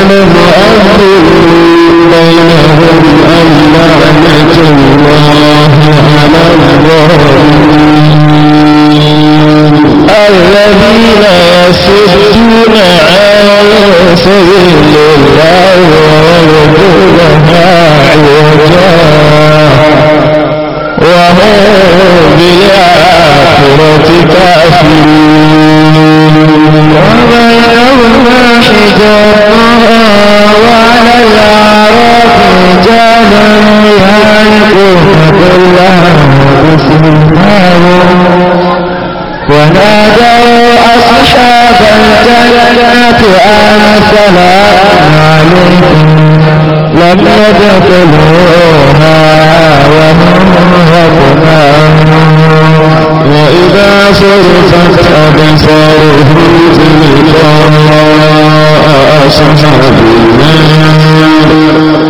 يعلم أهل بينهم أن لعنة الله على الظالمين الذين يصدون عن سبيل الله ويبغونها عوجا وهم بالآخرة كافرون كانوا يعرفون بالله باسمهم ونادوا أصحاب الجنة أن سلام عليكم لم يدخلوها وهم يطمعون وإذا صرفت أبصارهم تلقاء أصحاب النار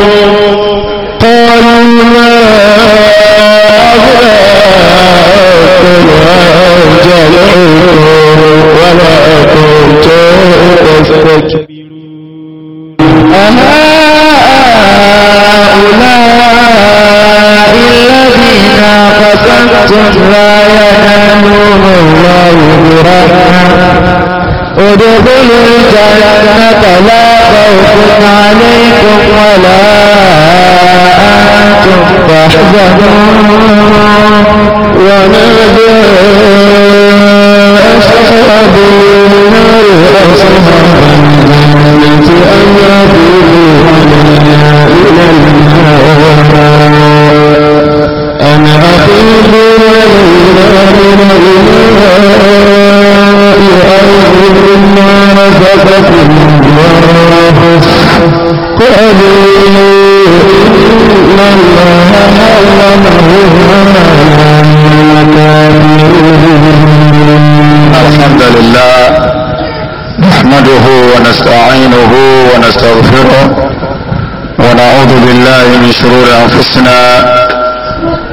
أنفسنا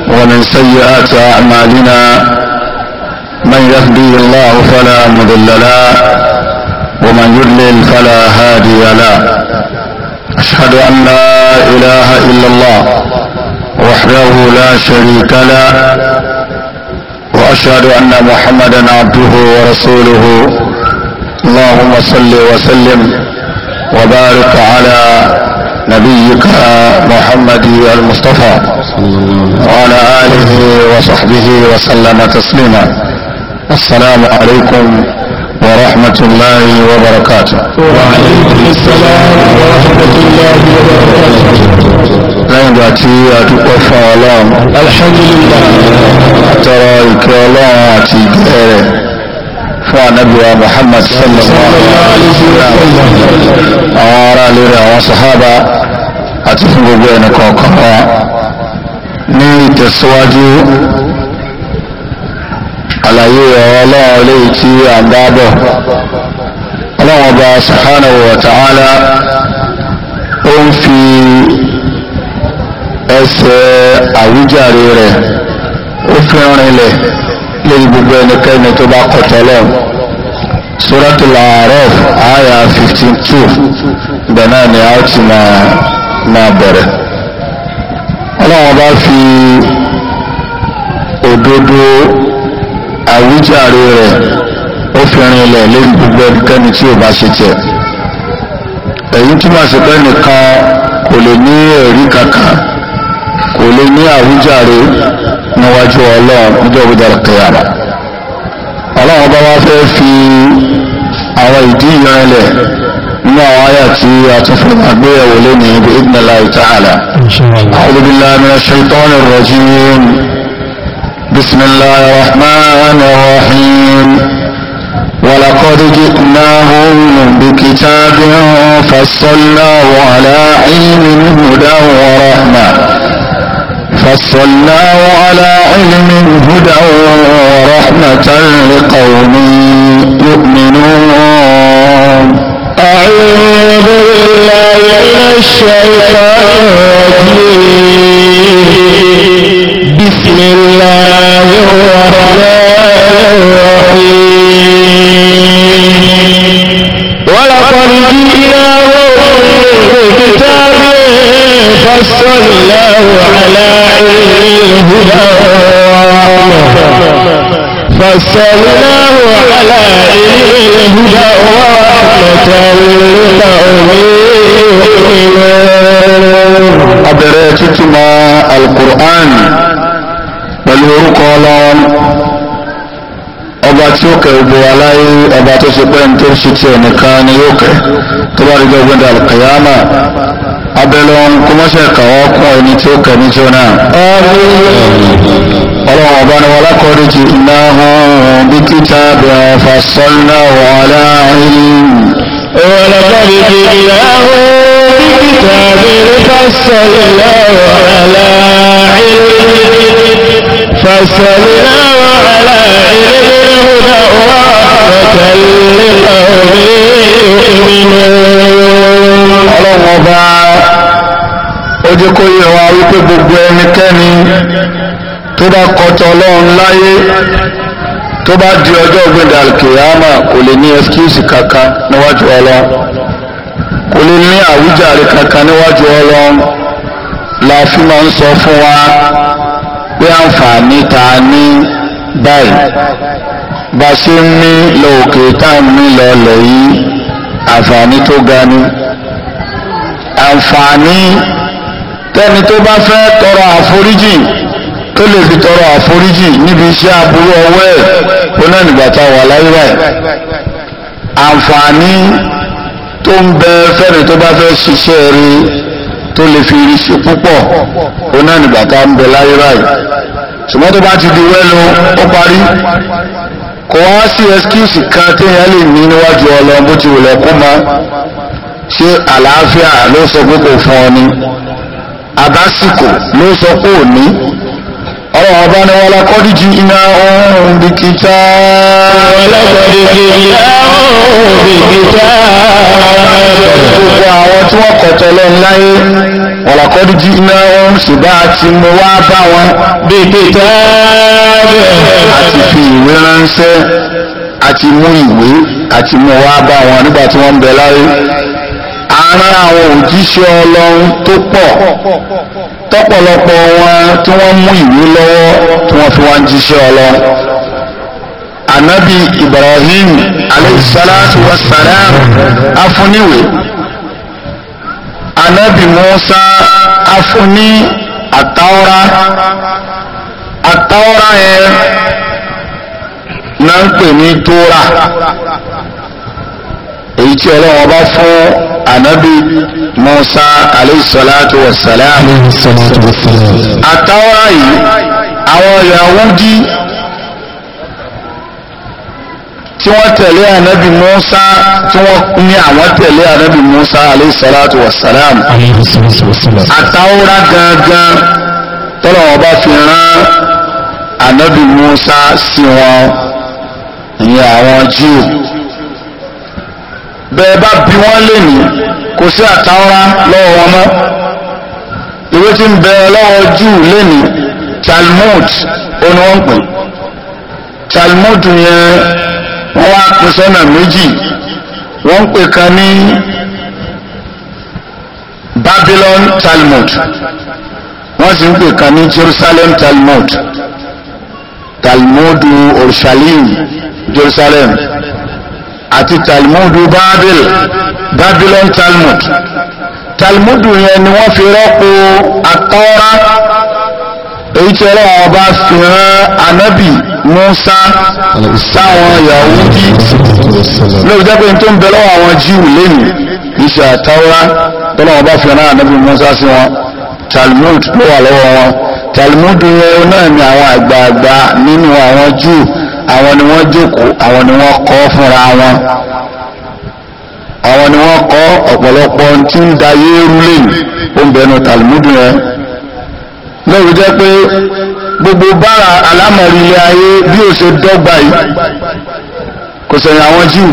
ومن سيئات أعمالنا من يهدي الله فلا مضل له ومن يضلل فلا هادي له أشهد أن لا إله إلا الله وحده لا شريك له وأشهد أن محمدا عبده ورسوله اللهم صل وسلم وبارك على نبيك محمد المصطفى وعلى آله وصحبه وسلم تسليما السلام عليكم ورحمة الله وبركاته وعليكم السلام ورحمة الله وبركاته lẹ́yìn ìgbà tí a dúpẹ́ fún ọlọ́run alhamdulillah fún anábíwa Muhammad sallallahu alaihi wasallam àwọn ará lórí àwọn sahaba àti fún gbogbo ẹni kọ̀ọ̀kan wa ní ìtẹ̀síwájú fi ẹsẹ̀ àwíjàre rẹ̀ ó fi rìnlẹ̀ lórí gbogbo ẹnikẹ́ni tó bá kọ̀tọ̀ lọ́wọ́ suratul A'raf àyà 152. ibẹ̀ náà ni a ti máa bẹ̀rẹ̀ ọlọ́wọ́n bá fi òdodo àwíjàre rẹ̀ ó fi rinlẹ̀ lórí gbogbo ẹnikẹ́ni tí ò bá ṣe tiẹ̀ èyí túmọ̀ sí pé nìkan kò lè ní ẹ̀rí kankan lè ní àwíjàre níwájú ọlọ́run níjọ́ ìdá kẹyàrá ọlọ́run bá wá fẹ́ fi àwọn ìdí ìran ilẹ̀ nínú àwọn àyà tí a tún fún àgbéyẹ̀wò lónìí bí idhnillahi ta'ala a'udhu billahi minash shaitanir rajim bismillahir rahmanir rahim ولقد جئناهم بكتاب فصلناه على علم هدى ورحمه فصلناه على علم هدى ورحمة لقوم يؤمنون أعوذ بالله من الشيطان بسم الله الرحمن الرحيم وصلى الله على الهدى فصلى الله على الهدى ورحمة للقوم أبرأ تتمى القرآن والورق الله ọba tí ó kẹ gbogbo aláyé ọba tó ṣe pé ní tó ṣe tiẹ̀ nìkan ni yóò kẹ tó bá rí gbogbo ní alùkàyámà abẹ́lọ́n kọmọ́ṣẹ́ kàwọ́ kún ẹni tí ó kẹ̀mí tí ó náà ọlọ́run ọba ni wọ́n lákọ̀ọ́rí ti iná hàn bí títà bẹ̀rẹ̀ fàṣọ́nà wà láàrin ọlọ́run ti iná hàn bí títà bẹ̀rẹ̀ fàṣọ́nà wà láàrin فاستبنوا على علم الهدى وكلم للقوم kó yẹ wípé gbogbo ẹnikẹ́ni tó bá kọtọ ọlọ́run láyé tó bá di ọjọ́ gbẹ̀dà kìyàmà kò lè ní ẹskíùsì kankan níwájú ọlọ́run kò lè ní àwíjàre kankan níwájú ọlọ́run pé àǹfààní ta ní báyìí bá ṣe ń ní lọ òkè táà ní lọlẹ̀ yìí àǹfààní tó ga ni àǹfààní tẹ́ni tó bá fẹ́ tọrọ àforíjì tó lè fi tọrọ àforíjì níbi iṣẹ́ aburú ọwọ́ ẹ̀ onánígbà tá a wà láyé báyìí àǹfààní tó ń bẹ fẹ́ni tó bá fẹ́ ṣiṣẹ́ rí tó lè fi rí sí púpọ̀ ó náà nígbà tá ń bẹ láyé báyìí ṣùgbọ́n tó bá ti di wẹ́lu ó parí kò wá sí ẹskíùsì kan téèyàn lè ní níwájú ọlọ́run bó ti wùlẹ̀ kó máa ṣe àlàáfíà ló sọ pé kò fún ọ ní àbásìkò ló sọ pé ò ní ọlọ́run ọba ni wọ́n lakọ́dí ju iná ọ̀hún bí kìtà. ọlọ́kọ̀dé ju iná ọ̀hún bí kìtà. gbogbo àwọn tí wọ́n kọ̀tọ̀ lọ láyé wọ́n lakọ́dí ju iná ọ̀hún ṣùgbọ́n àti mo wá bá wọn. bí kìtà bẹ́ẹ̀. àti fi ìwé ránṣẹ́ àti mú ìwé àti mo wá bá wọn nígbà tí wọ́n ń bẹ láyé àárín àwọn òjíṣẹ́ ọlọ́run tó pọ̀ tọ́pọ̀lọpọ̀ wọn tí wọ́n mú ìwé lọ́wọ́ tí wọ́n fi wá ń jíṣẹ́ ọlọ́run anabi ibrahim aleyhisalatu wasalam afuniwe anabi musa afuni atawra atawra yẹn náà ń pè ní tóra èyí tí ọlọ́wọ́ bá fún ànábì Musa aleyhisalatu wasalam àtàwọn yìí àwọn Yahudi tí wọ́n tẹ̀lé ànábì Musa tí wọ́n ní àwọn tẹ̀lé ànábì Musa aleyhisalatu wasalam àtàwọn gangan tọ́lọ́wọ́ bá fi rán ànábì Musa sí wọn ìyẹn àwọn Júù bẹ́ẹ̀ bá bí wọ́n lè ní kò sí àtàwọn lọ́wọ́ wọn mọ́ ìwé tí ń bẹ lọ́wọ́ jù lè ní Talmud oní wọ́n pè Talmud yẹn wọ́n wá pín sọ́nà méjì wọ́n pè kan ní Babylon Talmud wọ́n sì ń pè kan ní Jerusalem Talmud Talmud Urushalim Jerusalem àti talmudu babil babylon talmud talmudu yẹn ni wọ́n fi rọ́pò atọ́ra èyí tí ọlọ́wọ́n ọba fi hàn anabi musa sáwọn yahudi lóòótọ́ jẹ́ pé n tó ń bẹ lọ́wọ́ àwọn jíù lẹ́nu iṣẹ́ àtọ́ra ọlọ́wọ́n ọba fi hàn anabi musa sí wọn talmud ló wà lọ́wọ́ wọn talmudu yẹn náà ni àwọn àgbààgbà nínú àwọn jíù àwọn ni wọ́n jókòó àwọn ni wọ́n kọ́ fúnra wọn àwọn ni wọ́n kọ́ ọ̀pọ̀lọpọ̀ tí ń da yéérú lè ó ń bẹnu tàlmúdù rẹ lóòrùn jẹ́ pé gbogbo bára alámọ̀rí ilé ayé bí ó ṣe dọ́gba yìí kò sẹ̀yìn àwọn Júù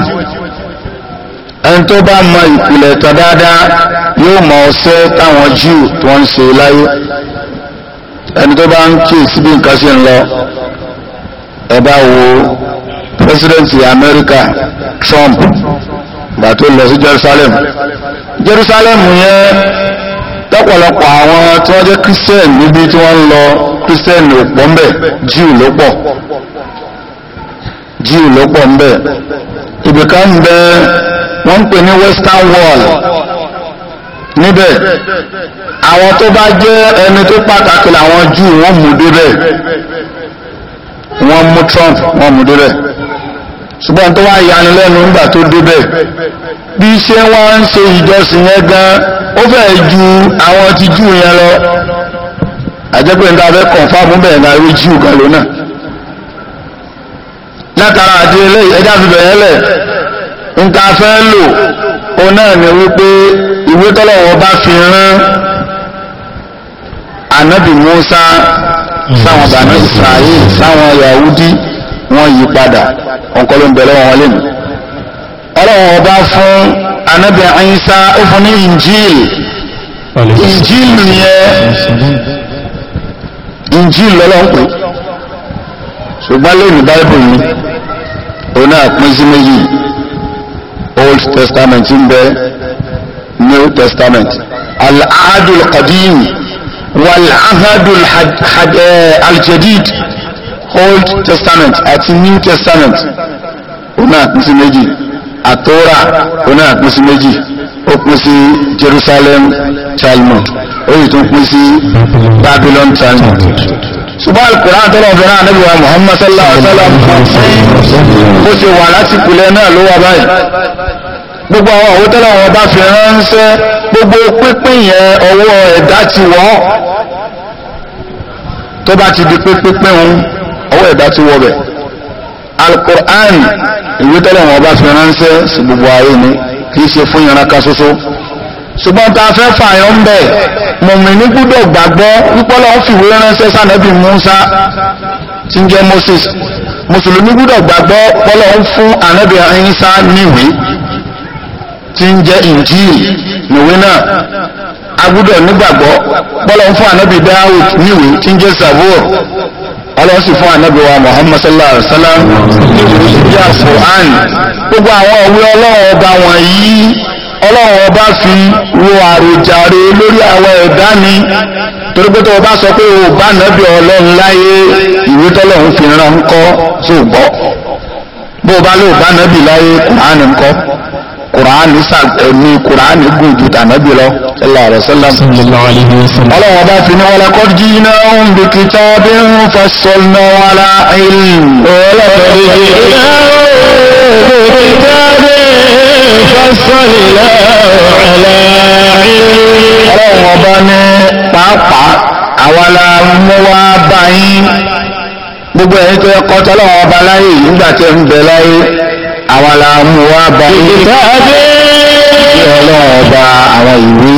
ẹni tó bá mọ ìpìlẹ̀ tán dáadáa yóò mọ ọṣẹ́ táwọn Júù tó ń ṣe láyé ẹni tó bá ń kíyèsí bí nǹkan ṣe ń lọ ẹ bá wo pẹ́sidẹ́ǹtì Amẹ́ríkà Trump gbà tó lọ sí Jerusalem Jerusalem yẹn tọ́pọ̀lọpọ̀ àwọn tí wọ́n jẹ́ Christian níbi tí wọ́n ń lọ Christian ló pọ̀ ńbẹ̀ Jew ló pọ̀ Jew ló pọ̀ ńbẹ̀ ibìkan ń bẹ wọ́n ń pè ní Western Wall níbẹ̀ àwọn tó bá jẹ́ ẹni tó pàtàkì làwọn Jew wọ́n mú débẹ̀. wọn mú Trump wọ́n mú ẹ ṣùgbọ́n tó wá yanu lẹ́nu ńgbà tó débẹ̀ bí ṣé wọ́n ń ṣe ìjọsìn yẹn gan ó fẹ́ẹ̀ ju àwọn ti jù yẹn lọ àjẹpẹ́ níta fẹ́ kọ̀ǹfàmù bẹ́ẹ̀ náà rí jù kan lónà látara àti eléyìí ẹjá fi bẹ̀rẹ̀ lẹ̀ nta fẹ́ lò ó náà ni wípé ìwé tọ́lọ́wọ́ bá fi rán ànábì Musa sáwọn mm. bàánú Israel sáwọn Yahudi wọ́n yí padà ọ̀nkọ́ ló ń bẹ̀rẹ̀ wọn lẹ́nu ọlọ́wọ́n ọba fún Ànábì Ìsá ó fún ní Injil Injil yẹn Injil lọ́lọ́pẹ́ ṣùgbọ́n lónìí báyìí ni òun náà pín sí méjì Old Testament ń bẹ New Testament al-Ahadul Qadim wàláhádùn eh, aljadid old testament àti new testament ọ̀nà àpínsí méjì àtọ́rà ọ̀nà àpínsí méjì ó pín sí Jerusalem Talmud ó yìí tó pín sí Babylon Talmud ṣùgbọ́n alkùnrin tọ́lọ̀ ọ̀bẹ̀rẹ̀ ànábìwá Muhammad sallallahu alaihi wasallam ó ṣe wà láti kùlẹ̀ náà ló wà báyìí gbogbo àwọn òwò tọ́lọ̀ wọn bá fi ránṣẹ́ gbogbo pínpín yẹn ọwọ́ ẹ̀dá ti wọ́n tó bá ti di pépépé òun ọwọ́ ẹ̀dá ti wọ bẹ̀ alukur'an ìwé tọ́lọ̀ wọn bá fi ránṣẹ́ sí gbogbo ayé ni kì í ṣe fún yàrá kan ṣoṣo ṣùgbọ́n tá a fẹ́ fààyàn ń bẹ̀ mọ̀mìnì gbúdọ̀ gbàgbọ́ wípọ́lọ́ ń fìwé ránṣẹ́ sànẹ́bí Musa tí ń jẹ́ Moses mùsùlùmí gbúdọ̀ gbàgbọ́ pọ́lọ́ ń fún ànẹ́bí Isa níwèé tí ń jẹ́ Injil níwèé náà agbúdọ̀ nígbàgbọ́ bọ́lọ̀ ń fún ànábì Dawud níwèé tí ń jẹ́ ọlọ́run sì fún ànábì wa Muhammad sallallahu alaihi wa gbogbo àwọn òwe ọlọ́run ọba ọlọ́run ọba fi wo àròjàre lórí àwọn ẹ̀dá torí pé tó o bá sọ pé o bá ọlọ́run láyé ìwé tọ́lọ́run fi ràn ń kọ́ tó gbọ́ bó kùránì ẹ̀mí kùránì gùn ju tànàbí lọ sallallahu alaihi wasallam. ọlọ́wọ́ bá fi ní wọlé kọ́jú iná ń bí kìtà bí ń fasolná wàlá ilm. ọlọ́wọ́ bí iná ń bí kìtà bí ń fasolná wàlá ilm. ọlọ́wọ́ bá ní pàápàá àwa la mú wá báyìí gbogbo ẹni tó yẹ kọ́tọ́ lọ́wọ́ ọba láyé yìí nígbà tí ẹ ń bẹ láyé àwọn aláàmú wa bá ní ìtàgé ọlọ́run ọba àwọn ìwé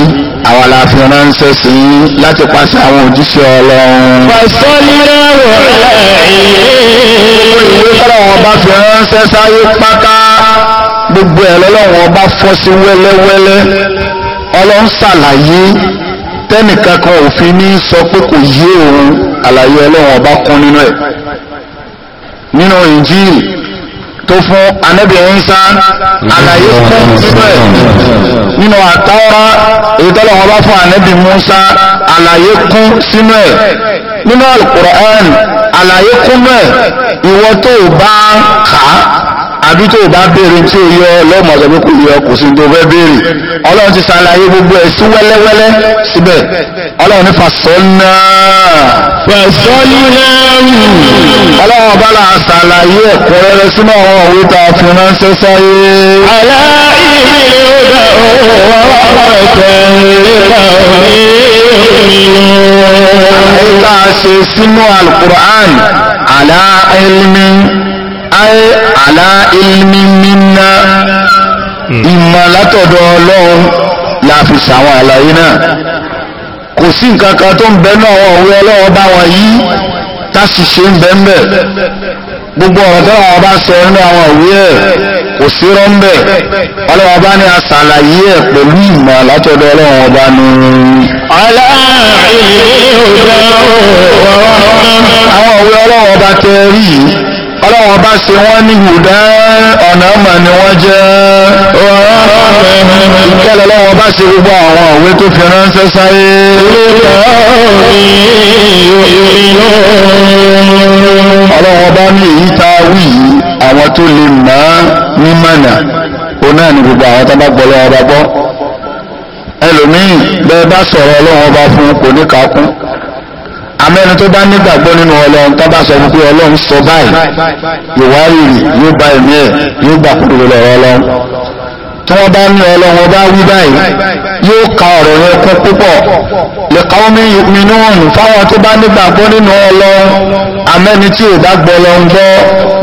àwọn aláàfin ránṣẹ́ sí i láti pàṣẹ àwọn òjíṣẹ́ ọlọ́run. pàṣẹlélẹ̀ rẹ̀ ìwé ìwé tọ́lọ́run ọba fi ránṣẹ́ sáyé pátá gbogbo ẹ̀ lọ́lọ́run ọba fọ́ sí wẹ́lẹ́wẹ́lẹ́ ọlọ́run ṣàlàyé tẹ́nìkan kan òfin ní sọ pé kò yé òun àlàyé ọlọ́run ọba kún nínú ẹ̀ nínú ìnjíìlì tó fún anábì Ìsá àlàyé kún síbẹ̀ nínú àtàwọ́rá èyí tọ́lọ̀ wọn bá fún anábì Mùsá àlàyé kún sínú ẹ̀ nínú Al-Qur'an àlàyé kún mẹ́ ìwọ tó bá kàá àbí tó o bá béèrè tí o yọ lọ́mọ ọ̀sẹ̀ kò yọ kò sí tó fẹ́ béèrè ọlọ́run ti ṣàlàyé gbogbo ẹ̀ sí wẹ́lẹ́wẹ́lẹ́ síbẹ̀ ọlọ́run ní fasọ́nà. fasọ́nà. ọlọ́run bá la ṣàlàyé ẹ̀kúnrẹ́rẹ́ sínú àwọn òwe tá a fi ránṣẹ́ sáyé. aláìní ló dá òun wá ọ̀sẹ̀ nípa òní òní. àyíká ṣe sínú alukur'an alá ilmi. ayé àlá ilmi minna hmm. ìmọ̀ látọ̀dọ̀ ọlọ́run la sàwọn àlàyé náà kò sí nkankan tó ń bẹ náà wọn òwe ọlọ́wọ́ bá wọn yí táṣìṣe ń bẹ ń gbogbo ọ̀rọ̀ tó wọn bá sọ nínú àwọn òwe ẹ kò sí rọ́ńbẹ̀ ọlọ́wọ́ bá ní aṣàlàyé pẹ̀lú ìmọ̀ látọ̀dọ̀ ọlọ́run ọba ṣe wọ́n ní hùdá ọ̀nà ọmọ ni wọ́n jẹ́ ìkẹlẹ̀ ọlọ́run ọba ṣe gbogbo àwọn òwe tó fi ránṣẹ́ sáyé. ọlọ́run ọba ní èyí tá a wí yìí àwọn tó lè mọ̀ ọ́ ní mọ̀nà òun náà ni gbogbo àwọn tó bá gbọ́ lọ́wọ́ ọba gbọ́ ẹlòmíì bẹ́ẹ̀ bá sọ̀rọ̀ ọlọ́run ọba fún kò ní kàákún àmẹ́ni tó bá nígbàgbọ́ nínú ọlọ́run tó bá sọ wípé ọlọ́run sọ báyìí ìwárìrì yóò bá ẹ̀mí ẹ̀ yóò gbà kúrò lọ́rọ̀ ọlọ́run tí wọ́n bá ní ọlọ́run ọba wí báyìí yóò ka ọ̀rọ̀ yẹn kún púpọ̀ lè ka omi inú ọ̀hún fáwọn tó bá nígbàgbọ́ nínú ọlọ́run àmẹ́ni tí ò bá gbọ́ ọlọ́run gbọ́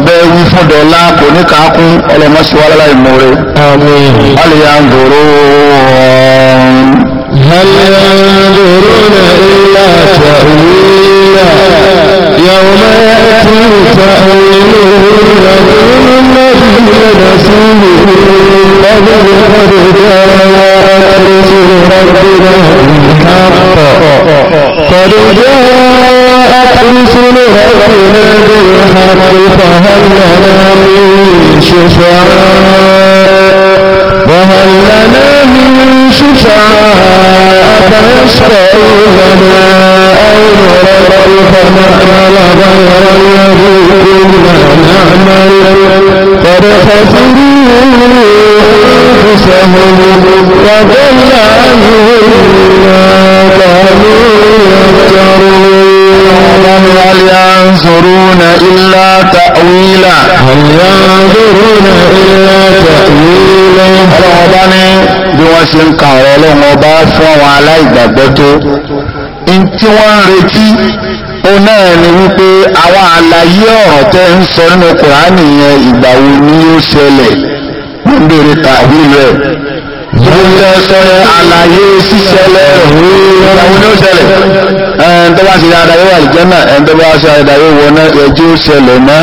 bẹ́ẹ̀ wí fún dọ̀la kò ní ká kún ọlọ́mọṣẹ́wálá ìmúre. àmín. wọ́n lè هل ينظرون إلا تأويلا يوم يأتي تأويله يقول الذين نسيه قد قد جاءت رسل ربنا بالحق قد جاءت رسل ربنا بالحق فهل لنا من شفعاء وهل لنا من شفعاء فيشفعوا لنا أو نرد فنعمل غير الذي كنا نعمل قد خسروا أنفسهم وضل عنهم ما كانوا يفترون يعلم هل ينظرون إلا تأويلا هل ينظرون إلا تأويلا ọlọ́wọ́bá ní bí wọ́n ṣe ń ka ni wípé àwọn àlàyé ọ̀rọ̀ tẹ́ ń sọ nínú kùránì yẹn ìgbà wo ni yóò ṣẹlẹ̀ ń bèrè tàbí rẹ̀ Ìjọba sọ̀rọ̀ àlàyé ṣíṣẹlẹ̀ ìyàwó ní ó ṣẹlẹ̀. Ẹn tó bá ṣe dáadáa yóò wà lìjẹ́ náà, ẹn tó bá ṣe dáadáa wọ náà, ẹjọ́ ṣẹlẹ̀ náà.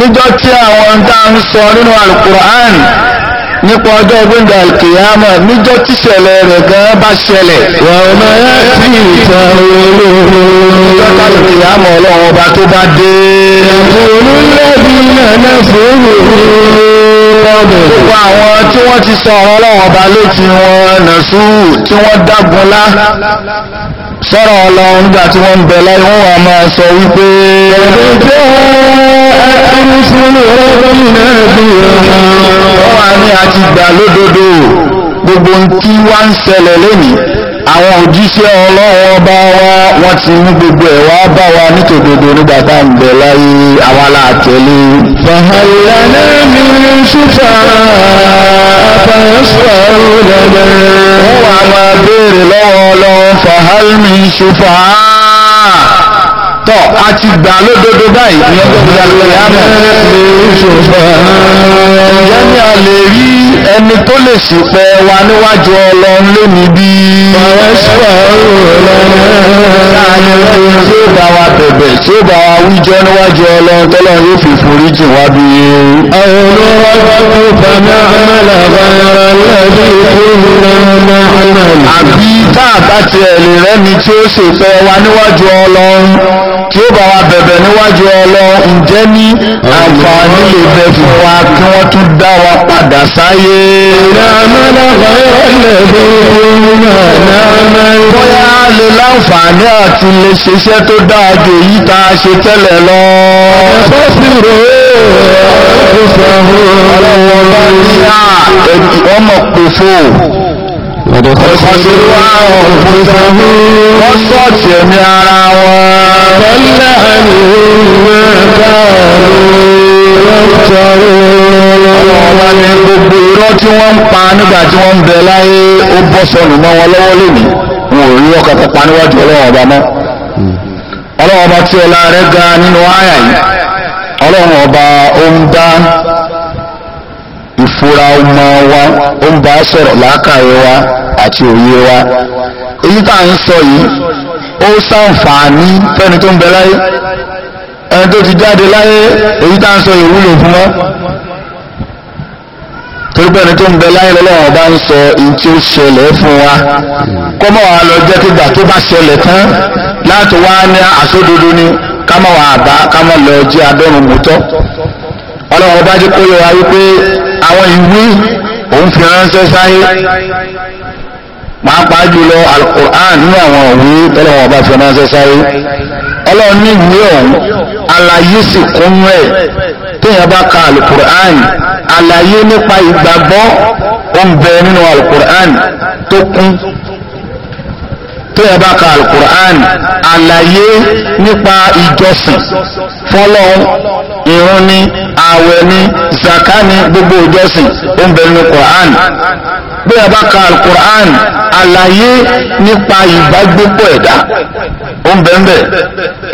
níjọ́ tí àwọn tá ń sọ nínú alukur'an nípa ọjọ́ gbẹ̀ngà kìyàmà níjọ́ tí ṣẹlẹ̀ rẹ̀ gan bá ṣẹlẹ̀. wọ́n máa ti ìta olóró. níjọ́ táwọn kìyàmà ọlọ́run ọba tó bá dé. olùlẹ́bí nàná fòrò. gbogbo àwọn tí wọ́n ti sọ ọ̀rọ̀ ọlọ́run létí wọn nàṣú tí wọ́n dágunlá sọ́rọ̀ ọlọ́run nígbà tí wọ́n ń bẹ láyé wọ́n wà máa sọ wípé ọ̀dọ́jọ́ ẹ̀ẹ́rùsùn ọ̀rọ̀mìnà bí ọ̀rọ̀ wọ́n wà ní àti gbà lódodo gbogbo tí wá ń ṣẹlẹ̀ lónìí àwọn òjíṣẹ́ ọlọ́run ọba wa wọ́n ti mú gbogbo ẹ̀ wá bá wa nítòdodo nígbà tá à ń bẹ láyé àwa la tẹ̀lé. fàhàlànà mi ṣùfà àfẹ́sọ̀ lẹ́lẹ́. wọ́n wà máa béèrè lọ́wọ́ ọlọ́run fàhàlmi ṣùfà tọ́ a ti gbà lódodo báyìí ní ọjọ́ ìgbà lóyàmọ̀ ǹjẹ́ ni a lè rí ẹni tó lè ṣèpẹ́ wa níwájú ọlọ́run lónìí bí tí ó bá wa bẹ̀bẹ̀ tí ó bá wa wíjọ́ níwájú ọlọ́run tọ́lọ́run yóò fi forí jìn wá bí i àwọn olóró fàmí àmàlà bàrà lẹ́bí ìfúnnà àmàlà àbí tá tiẹ̀ lè rẹ́ni tí ó ṣèpẹ́ wa níwájú ọlọ́run tí ó bá wa bẹ̀bẹ̀ níwájú Ọlọ́run ǹjẹ́ ní àǹfààní lè bẹ fún wa kí wọ́n tún dá wa padà sáyé. bóyá lè láǹfààní àti lè ṣiṣẹ́ tó dáa ju èyí tá a ṣe tẹ́lẹ̀ lọ. ẹ̀fọ́ sì rò ó ṣàhùn. ọlọ́wọ́ bá ní à ọmọ pèfò ọ̀dọ̀ tó ṣàṣe wá ọ̀hún ṣàhùn. ẹ̀mí ara wọn. وضل عنهم ما كانوا ọ̀rọ̀ ni gbogbo irọ́ tí wọ́n ń pa nígbà tí wọ́n ń bẹ láyé ó bọ́ sọnù mọ́ wọn lọ́wọ́ lónìí wọn ò rí ọkọ̀ pa níwájú ọba mọ́ ọba tí ọlá ga nínú àyà yìí ọba ó ń bá ìfura ọmọ wa ó ń bá sọ̀rọ̀ làákàyè wa àti òye wa èyí tá à ń sọ yìí ó sàǹfààní fẹ́ni tó ń bẹ láyé ẹni tó ti jáde láyé èyí tá ń sọ ìwúlò fún wọn torí pé ẹni tó ń bẹ láyé lọ́wọ́ bá ń sọ in tí ó ṣẹlẹ̀ fún wa kọ́ mọ́ wa lọ jẹ́ kígbà tó bá ṣẹlẹ̀ tán láti wá ní àsódodo ni ká mọ́ wa àbá ká mọ́ lọ jẹ́ abẹ́rùn mọ́tọ́ ọlọ́wọ́ bá jẹ́ kó yẹ wa wípé àwọn ìwé òun fi ránṣẹ́ sáyé pàápàá jùlọ alukur'an ní àwọn òwe tọ́lọ́wọ́n ọba fẹ́ ránṣẹ́ sáyé ọlọ́run ní ìwé ọ̀hún àlàyé sì kún rẹ̀ téèyàn bá ka alukur'an àlàyé nípa ìgbàgbọ́ ó ń bẹ nínú alukur'an tó kún téèyàn bá ka alukur'an àlàyé nípa ìjọsìn fọlọ́run ìrun ni ààwẹ̀ ni zaka gbogbo ìjọsìn ó nínú kur'an bí a bá ka alukur'an àlàyé nípa ìbágbépọ̀ ẹ̀dá ó ń bẹ́ẹ̀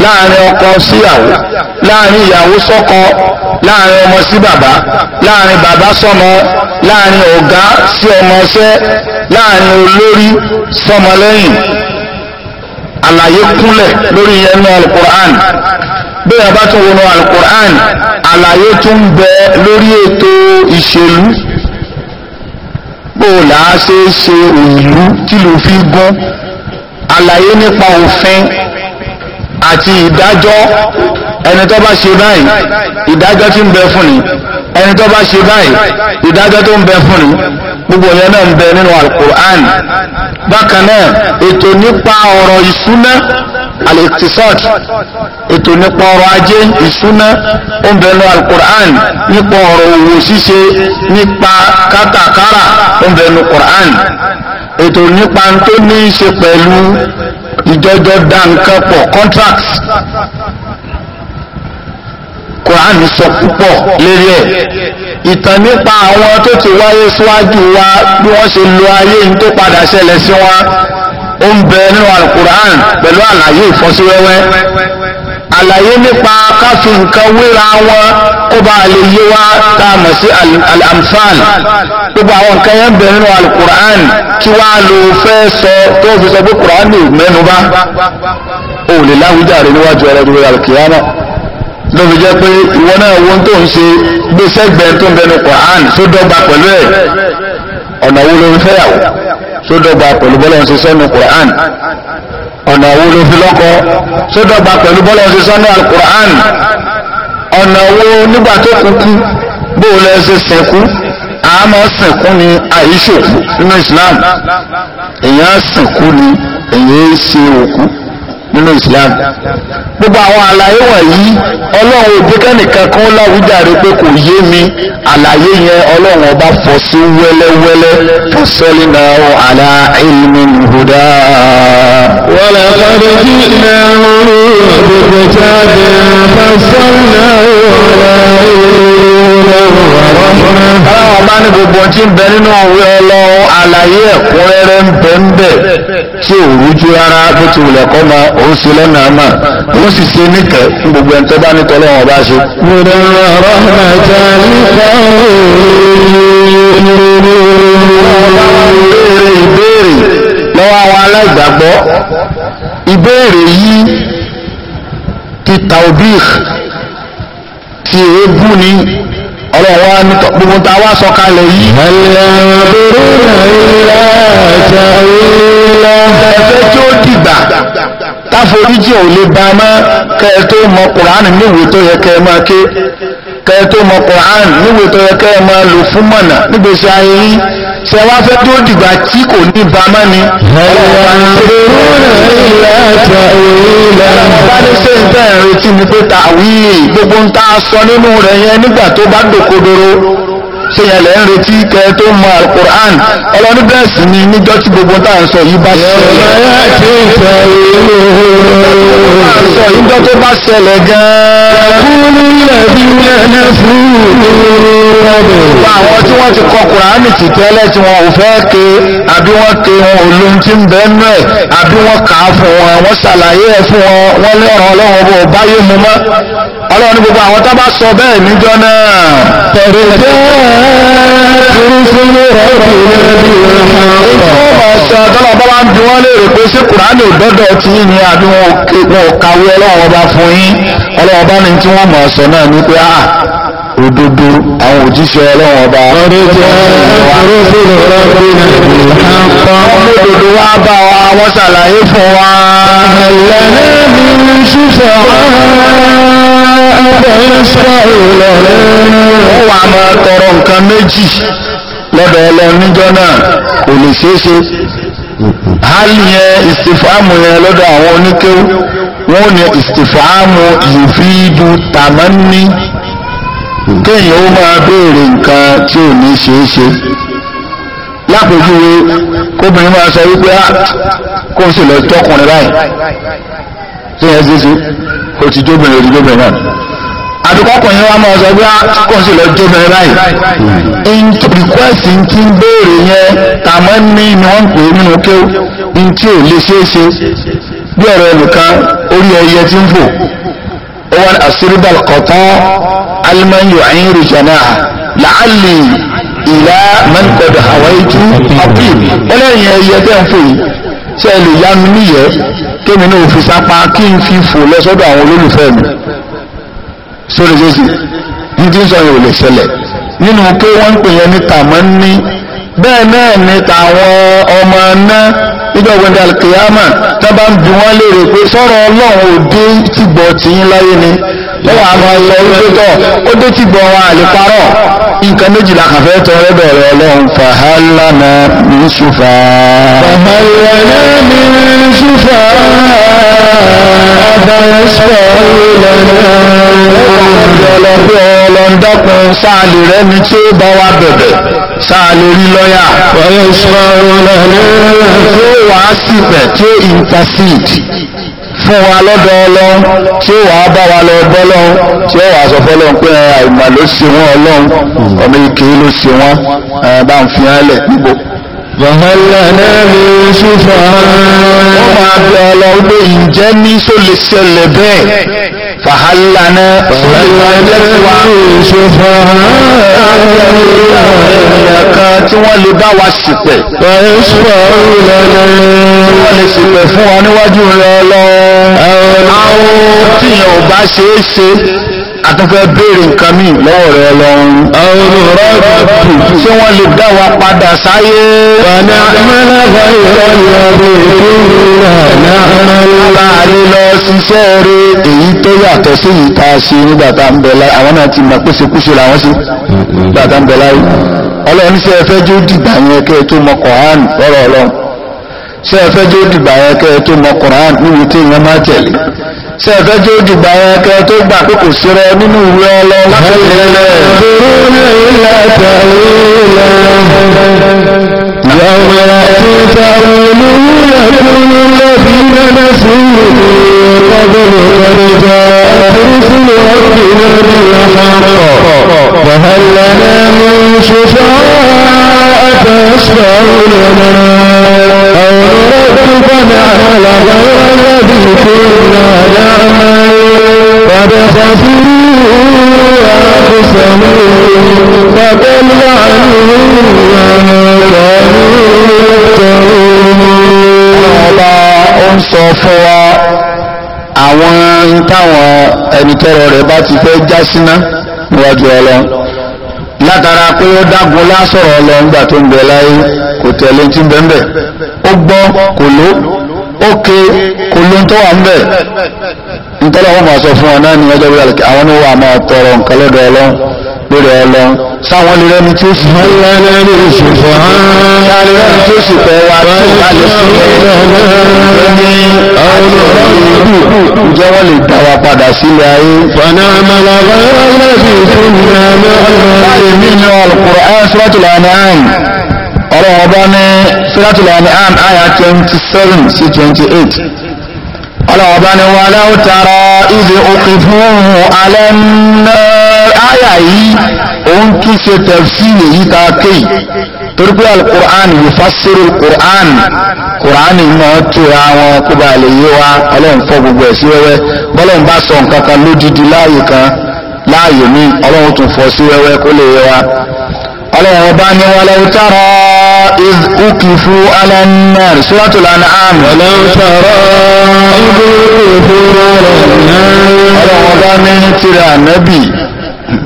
láàrin ọkọ síyàwó láàrin ìyàwó sọ́kọ láàrin ọmọ sí bàbá láàrin bàbá sọ́mọ láàrin ọ̀gá sí ọmọọṣẹ́ láàrin olórí sọ́mọlẹ́yìn àlàyé kúnlẹ̀ lórí ẹnu alukur'an bí a bá tún wọnú alukur'an àlàyé tún bẹ lórí ètò ìṣèlú bó là á ṣe é ṣe òyìnbó tí ló fi gún àlàyé nípa òfin àti ìdájọ́ ẹni tó bá ṣe báyìí ìdájọ́ tí ń bẹ fún ni ẹni tó bá ṣe báyìí ìdájọ́ tó ń bẹ fún ni gbogbo ìyẹn náà ń bẹ nínú alukur'an bákan náà ètò nípa ọ̀rọ̀ ìṣúná al-iqtisad ètò nípa ọ̀rọ̀ ajé ìṣúná ó ń bẹ nínú alukur'an nípa ọ̀rọ̀ òwò ṣíṣe nípa kátàkárà ó ń bẹ nínú kur'an ètò nípa tó ní í ṣe pẹ̀lú ìjọjọ dá nǹkan pọ̀ contracts Quran sọ púpọ̀ lérí ẹ̀ ìtàn nípa àwọn tó ti wáyé síwájú wa bí wọ́n ṣe lo ayé ń tó padà ṣẹlẹ̀ sí wọn ó ń bẹ nínú alukur'an pẹ̀lú àlàyé ìfọ́síwẹ́wẹ́ àlàyé nípa káfí nǹkan wéra wọn kó bá a lè yé wa tá a mọ̀ sí al-amsal gbogbo àwọn nǹkan yẹn bẹ nínú alukur'an kí wàá lo fẹ́ sọ tó fi sọ pé kur'an ní mẹ́nuba òun lè láwùjáre níwájú ẹlẹ́dúró alukiyama ló fi jẹ́ pé ìwọ náà wo tó ń ṣe gbé sẹ́gbẹ̀ẹ́ tó ń bẹnu Quran tó dọ́gba pẹ̀lú ẹ̀ ọ̀nà wo ló fi fẹ́yàwó tó dọ́gba pẹ̀lú bọ́lá ń ṣe sọ́nu Quran ọ̀nà wo ló fi lọ́kọ tó dọ́gba pẹ̀lú bọ́lá ń ṣe sọ́nu Quran ọ̀nà wo nígbà tó kúkú bó o lẹ́ ṣe sẹ́kú àmọ́ sìnkú ni àìṣòkú nínú Islam èèyàn sìnkú ni èèyàn ṣe òkú. nínú Islam gbogbo àwọn àlàyé wọ̀nyí ọlọ́run òjẹ́kẹ́nìkan kan láwùjáre pé kò yé mi àlàyé yẹn ọlọ́run ọba fọ́ sí wẹ́lẹ́wẹ́lẹ́ náà ó àlà wọ́n lè kí ilẹ̀ jáde náà ó àlà bá ní gbogbo ń bẹ nínú òwe ọlọ́run àlàyé ẹ̀kúnrẹ́rẹ́ ń bẹ ń ó ń ṣe lọ́nà àmà ó sì ṣe níkẹ́ fún gbogbo ẹni tó bá ní tọ́lọ́ wọn bá ṣe. Mùdà rọ́nà jà nípa ìbéèrè ìbéèrè lọ́wọ́ àwọn aláìgbàgbọ́ ìbéèrè yìí ti taubih ti èébú ni ọlọ́wọ́ gbogbo ta wá sọ kalẹ̀ yìí. ẹ̀lẹ́rọ̀ bẹ̀rẹ̀ náà ìlà ìjà ìlà. ẹ̀fẹ́ tí ó dìgbà táforíjì ò lè ba mọ́ kẹ́ ẹ tó mọ Kùránì níwèé tó yẹ kẹ́ ẹ máa ké kẹ́ ẹ tó mọ Kùránì níwèé tó yẹ kẹ́ ẹ máa lò fún mọ̀nà nígbèsè ayé yín ṣe wá fẹ́ tó dìgbà tí kò ní ba mọ́ ni. Bánisẹ́ ń tẹ̀ ń retí ni pé tàwí gbogbo ń tá sọ nínú rẹ̀ yẹn nígbà tó bá dòkodoro ṣe yẹn lẹ́ ń retí kẹ tó mọ alukur'an ọlọ́run bẹ́ẹ̀ sì ni níjọ́ tí gbogbo tá à ń sọ yìí bá ṣẹlẹ̀. yọ̀ọ̀yà ti ń sọ ìlú. sọ ìjọ tó bá ṣẹlẹ̀ gan-an. kúlù lẹ́bí lẹ́nà fún ìlú. àwọn tí wọ́n ti kọ kùránì tì tẹ́lẹ̀ tí wọn ò fẹ́ ke àbí wọ́n ke wọn ò lóhun tí ń bẹ́ẹ̀ nú ẹ̀ àbí wọ́n kà á fún wọn wọ́n ṣàlàyé ẹ̀ fún wọn wọ́n lẹ́ràn ọlọ́run ọlọ́run ní gbogbo àwọn tó bá sọ bẹ́ẹ̀ níjọ́ náà. tẹ̀lé jẹ́ kúrúkúrú rẹ̀ kò lè bí wọn. ìjọ ọ̀sẹ̀ tọ́lọ̀ bá bá ń bi wọ́n léèrè pé ṣé kùránì òdọ́dọ̀ tí yìí ni àbí wọn ò kàwé ọlọ́run ọba fún yín ọlọ́run ọba ní tí wọ́n mọ̀ ọ̀sẹ̀ náà ní pé áà ah, òdodo àwọn òjíṣẹ́ ọlọ́run ọba. ọ̀rẹ́ jẹ́ ìrọ́sọ̀rọ̀ ọlọ́run ìlànà òdodo wá bá wa wọ́n ṣàlàyé fún wa. ìlànà mi ń ṣiṣẹ́ ọ̀rẹ́ ṣọ́ ìlọ̀rẹ́. wọ́n wà máa tọrọ nǹkan méjì lọ́dọ̀ ọlọ́run níjọ́ náà kò lè ṣeé ṣe hali yẹn istifamu yẹn lọ́dọ̀ àwọn oníkéwú wọ́n ní istifamu yufidu tamanni kéèyàn ó máa béèrè nǹkan tí ò ní ṣeé ṣe lápèjúwe kóbìnrin máa sọ wípé á ah, kó sì lọ tọkùnrin báyìí tí yẹn ṣe ṣe ó ti jóbìnrin ó ti jóbìnrin náà àdúgbọ́kùnrin wa máa sọ pé á ah, kó sì lọ jóbìnrin báyìí in request in ń béèrè yẹn tàmọ́ ní ni wọ́n ń pè é nínú kéw in tí ò lè ṣeé ṣe bí ọ̀rọ̀ ẹnìkan orí ẹyẹ ti ń fò wọn àṣírídà kọ̀tọ́ alimanyu ayinri jana làálì ìlà mẹ́nkọ̀dà àwáyéjú ọ̀pìn ẹlẹ́yìn ẹyẹ tẹ́ ń fò yìí tí ẹ lè yánu níyẹ kémi náà fi sápá kí n fi fò lọ sọ́dọ̀ àwọn olólùfẹ́ mi sórí jésù ní tí ń sọ yìí ò lè ṣẹlẹ̀ nínú pé wọ́n ń pè yẹn bẹ́ẹ̀ náà ni tàwọn ọmọ aná níjọ́ gbẹ̀ndé alkiyama tó bá ń bi wọ́n léèrè pé sọ̀rọ̀ ọlọ́run òde tìgbọ̀ tìyín láyé ni lọ́wọ́ àwọn ọmọ olóòtọ́ ó dé ti gbọ́ wa àlèparọ́ nǹkan méjìlá kan fẹ́ tọrẹ bẹ̀rẹ̀ ọlọ́run fàhálànà min ṣùfà fàhálànà min ṣùfà àbáyẹ́sọ̀ ìlànà ọlọ́ndọ́kun sáàlì rẹ̀ ni tí ó bá wa bẹ̀bẹ̀ sáàlì rí lọ́yà fàhálànà min ṣùfà tí ó wàá síbẹ̀ tí ó intercede fún wa lọ́dọ̀ ọlọ́run tí ó wà á bá wa lọ bọ́lọ́run tí ó wà á sọ fọ́lọ́run pé àìmọ̀ ló ṣe wọ́n ọlọ́run ọmọ ike ló ṣe wọ́n bá ń fi hánlẹ̀ níbo. Bàbáńlá mi ṣùfà. Wọ́n máa bẹ ọlọ́run pé ǹjẹ́ ní sólè ṣẹlẹ̀ bẹ́ẹ̀ fàhálànà ọ̀rẹ́lẹ́kan tí wọ́n lè bá wa ṣìpẹ̀ wọ́n lè ṣìpẹ̀ fún wa níwájú rẹ̀ lọ àwọn tí yẹn ò bá ṣeé ṣe àtúnfẹ́ béèrè nǹkan lọ́wọ́ rẹ lọ́run. àwọn olùrọ́ọ̀dù tí wọ́n lè dá wa padà sáyé. bàná amẹ́lẹ́fà ìrọ̀lẹ́ ọlọ́run jó dìgbà yẹn kẹ́ tó mọ lọ́rọ̀ ọlọ́run sẹ́ẹ̀fẹ́ tí ó dìgbà ẹ kẹ tó gbà pé kò sí rẹ nínú ìwé ọlọ láti ilẹ̀ ìdúró ní ilẹ̀ tẹ̀lé ilẹ̀ yọ̀wọ̀ àti ìtàwọn olùwúlẹ̀ fún ilé bí nẹ́nẹ́ sí ìlú ọgọ́rùn-ún ọdún jẹ́ àtúnṣílẹ̀ ọ̀gbìn lórí ìlànà wàhálà náà mú ṣoṣọ́ àtẹ̀sọ̀ ìlànà àwọn ọ̀rọ̀ tó bá ní àlàbà wọn lábì fún ìlànà قد خسروا أنفسهم فضل عنهم ما كانوا ń sọ fún wa àwọn táwọn ẹnitọ́rọ rẹ̀ bá ti fẹ́ já síná níwájú ọlọ́ látara pé ó dágun lásọ̀rọ̀ ọlọ́ ńgbà tó ń bẹ láyé kò tẹ̀lé tí ń bẹ́ńbẹ̀ ó gbọ́ kò ló oke kò ló ń tó wà ń bẹ̀ sọ fún wọn náà ní ọjọ́ bí alẹ́ àwọn ní wà máa tọrọ nǹkan lọ́dọ̀ ọlọ́run lórí ọlọ́run sáwọn lè rẹ́ni tí ó sì fún wọn lẹ́ni oṣù fún wọn tí ó sì fẹ́ wá tí ó bá lè sí ǹjẹ́ wọ́n lè dá wa padà sílẹ̀ ayé. fana mala wàhálà lẹ́bi mi náà suratul an'am àyà twenty seven sí twenty eight ọlọ́wọ́ bá ní wọn aláwọ̀ tààrà ìdè òkè fún alẹ́ ńlá àyà yìí òun tún ṣe tafsiri èyí tá a ké al pé alukur'an yufassiru kur'an náà tura wọn kó ba lè yé إذ أكفوا على النار سورة الأنعام ولو ترى إذ أكفوا على النار ọlọ́wọ́ bá ní tìrẹ ànábì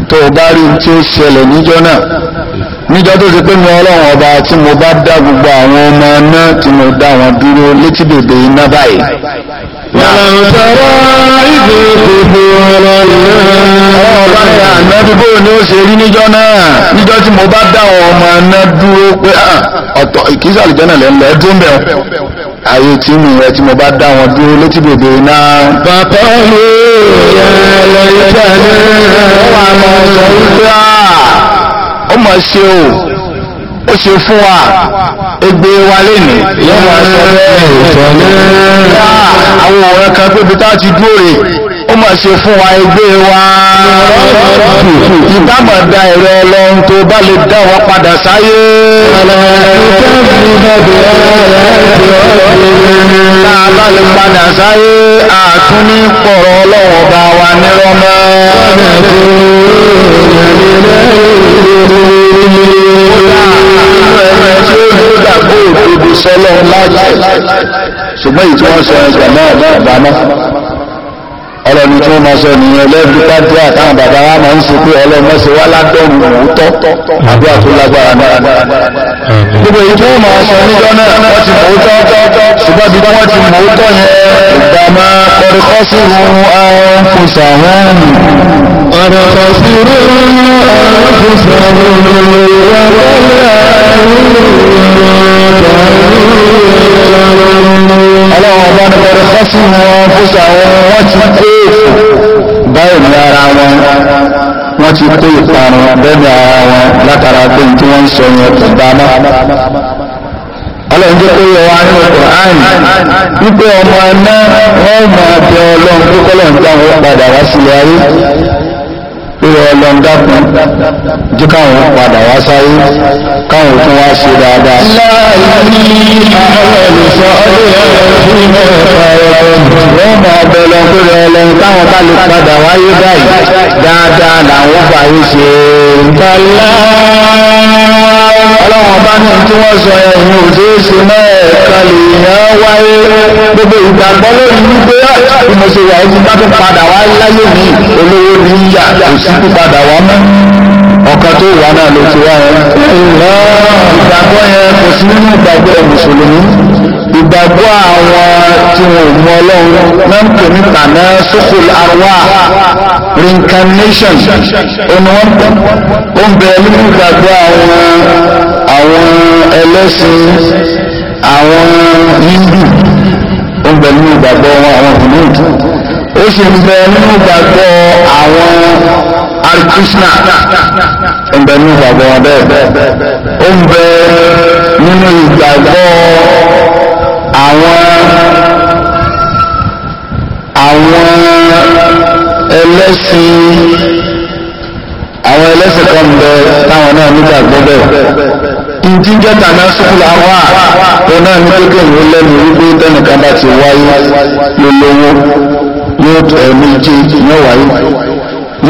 tó bá rí tí ó ṣẹlẹ̀ níjọ́ náà níjọ́ tó ti pé mi ọlọ́wọ́ ọba tí mo bá dá gbogbo àwọn ọmọ náà tí mo dá wọn dúró létí bèbè iná báyìí Wọ́n tọrọ ìgbè gbogbo ọ̀rọ̀ náà. Ọba ni ànábí bó ni ó ṣe rí níjọ́ náà. Níjọ́ tí ah, Ayé tí mi rẹ̀ tí mo bá dá wọn dúró létí bèbè náà. Bàbá mi yẹ lọ́yẹ̀dá náà. Wọ́n wà lọ sọ ah, ó mọ̀ ṣe o ṣe fún wa egbe wa lẹ́nu yọ́wọ́ sọ bẹ́ẹ̀ ìtọ́lẹ́ àwọn ọ̀rẹ́ kan pé bí tá ti dúró rè mà ṣe fún wa ẹgbẹ́ wa ìdámọ̀dá ẹ̀rọ ọlọ́run tó bá lè dá wa padà sáyé láàbá lè padà sáyé àtún ní pọ̀rọ̀ ọlọ́run ọba wa nírọ́mọ́ ṣùgbọ́n ìtí wọ́n sọ ẹgbẹ̀mọ́ ọ̀dọ́ ọ̀dọ́ náà ọlọ́ni tí wọ́n máa sọ nìyẹn lẹ́bí kájúà táwọn bàbá wa máa ń sọ pé ọlọ́mọsẹ̀ wá ládọ́rùn òótọ́ àbúrà tó lágbára náà gbogbo èyí tí wọ́n máa sọ níjọ́ wọ́n ti mọ̀ òfò báyìí ní ara wọn wọ́n ti kó ìparun bẹ́ẹ̀ni ara wọn látara pé tí wọ́n ń sọ yẹn kò bá mọ́ ọlọ́run jẹ́ pé yọ wá nínú kòránì wípé ọmọ ẹ̀ná wọ́n máa bẹ ọlọ́run kókọ́lọ́ ń dáhùn padà wá sílẹ̀ ayé pé ọlọ́run dákun jẹ́ káwọn padà wá sáyé káwọn tún wá ṣe dáadáa. láàyè ní àwọn olùsọ ọlọ́run fún mẹ́ta ọ̀rọ̀ wọ́n mọ ọbẹ̀ lọ pé ọlọ́run táwọn bá lè padà wáyé báyìí dáadáa làwọn fàyè ṣe. kàlá ọlọ́run bá ní tí wọ́n sọ ẹ̀yìn òṣèṣe mẹ́ẹ̀ẹ́kan lèèyàn wáyé gbogbo ìgbàgbọ́ lórí wípé bí mo bá tún padà wáyé láyé mi olówó ní yà sí pípadà wá mọ́ ọ̀kan tó wà náà ló ti wá yẹn. ìgbàgbọ́ yẹn kò sí nínú ìgbàgbọ́ mùsùlùmí ìgbàgbọ́ àwọn tí wọn ò mú ọlọ́run náà ń pè ní tànà sókòlù àrùwá reincarnation ọ̀nà ó ń bẹ̀rẹ̀ nínú ìgbàgbọ́ àwọn àwọn ẹlẹ́sìn àwọn hindu ó ń bẹ̀rẹ̀ nínú ìgbàgbọ́ àwọn hindu ó sì ń bẹ̀rẹ̀ nínú ìgbàgbọ́ àwọn. Hare Krishna ń bẹ nínú ìgbàgbọ́ wọn bẹ́ẹ̀ ó ń bẹ nínú ìgbàgbọ́ àwọn àwọn ẹlẹ́sìn àwọn ẹlẹ́sìn kan bẹ táwọn náà nígbàgbọ́ bẹ́ẹ̀ ìjíjẹ́ tàná sùkúlù àwọn àwọn náà ní kékeré ìwé lẹ́nu wípé tẹnìkan bá ti wáyé lólówó yóò tẹ̀ méjì yóò wáyé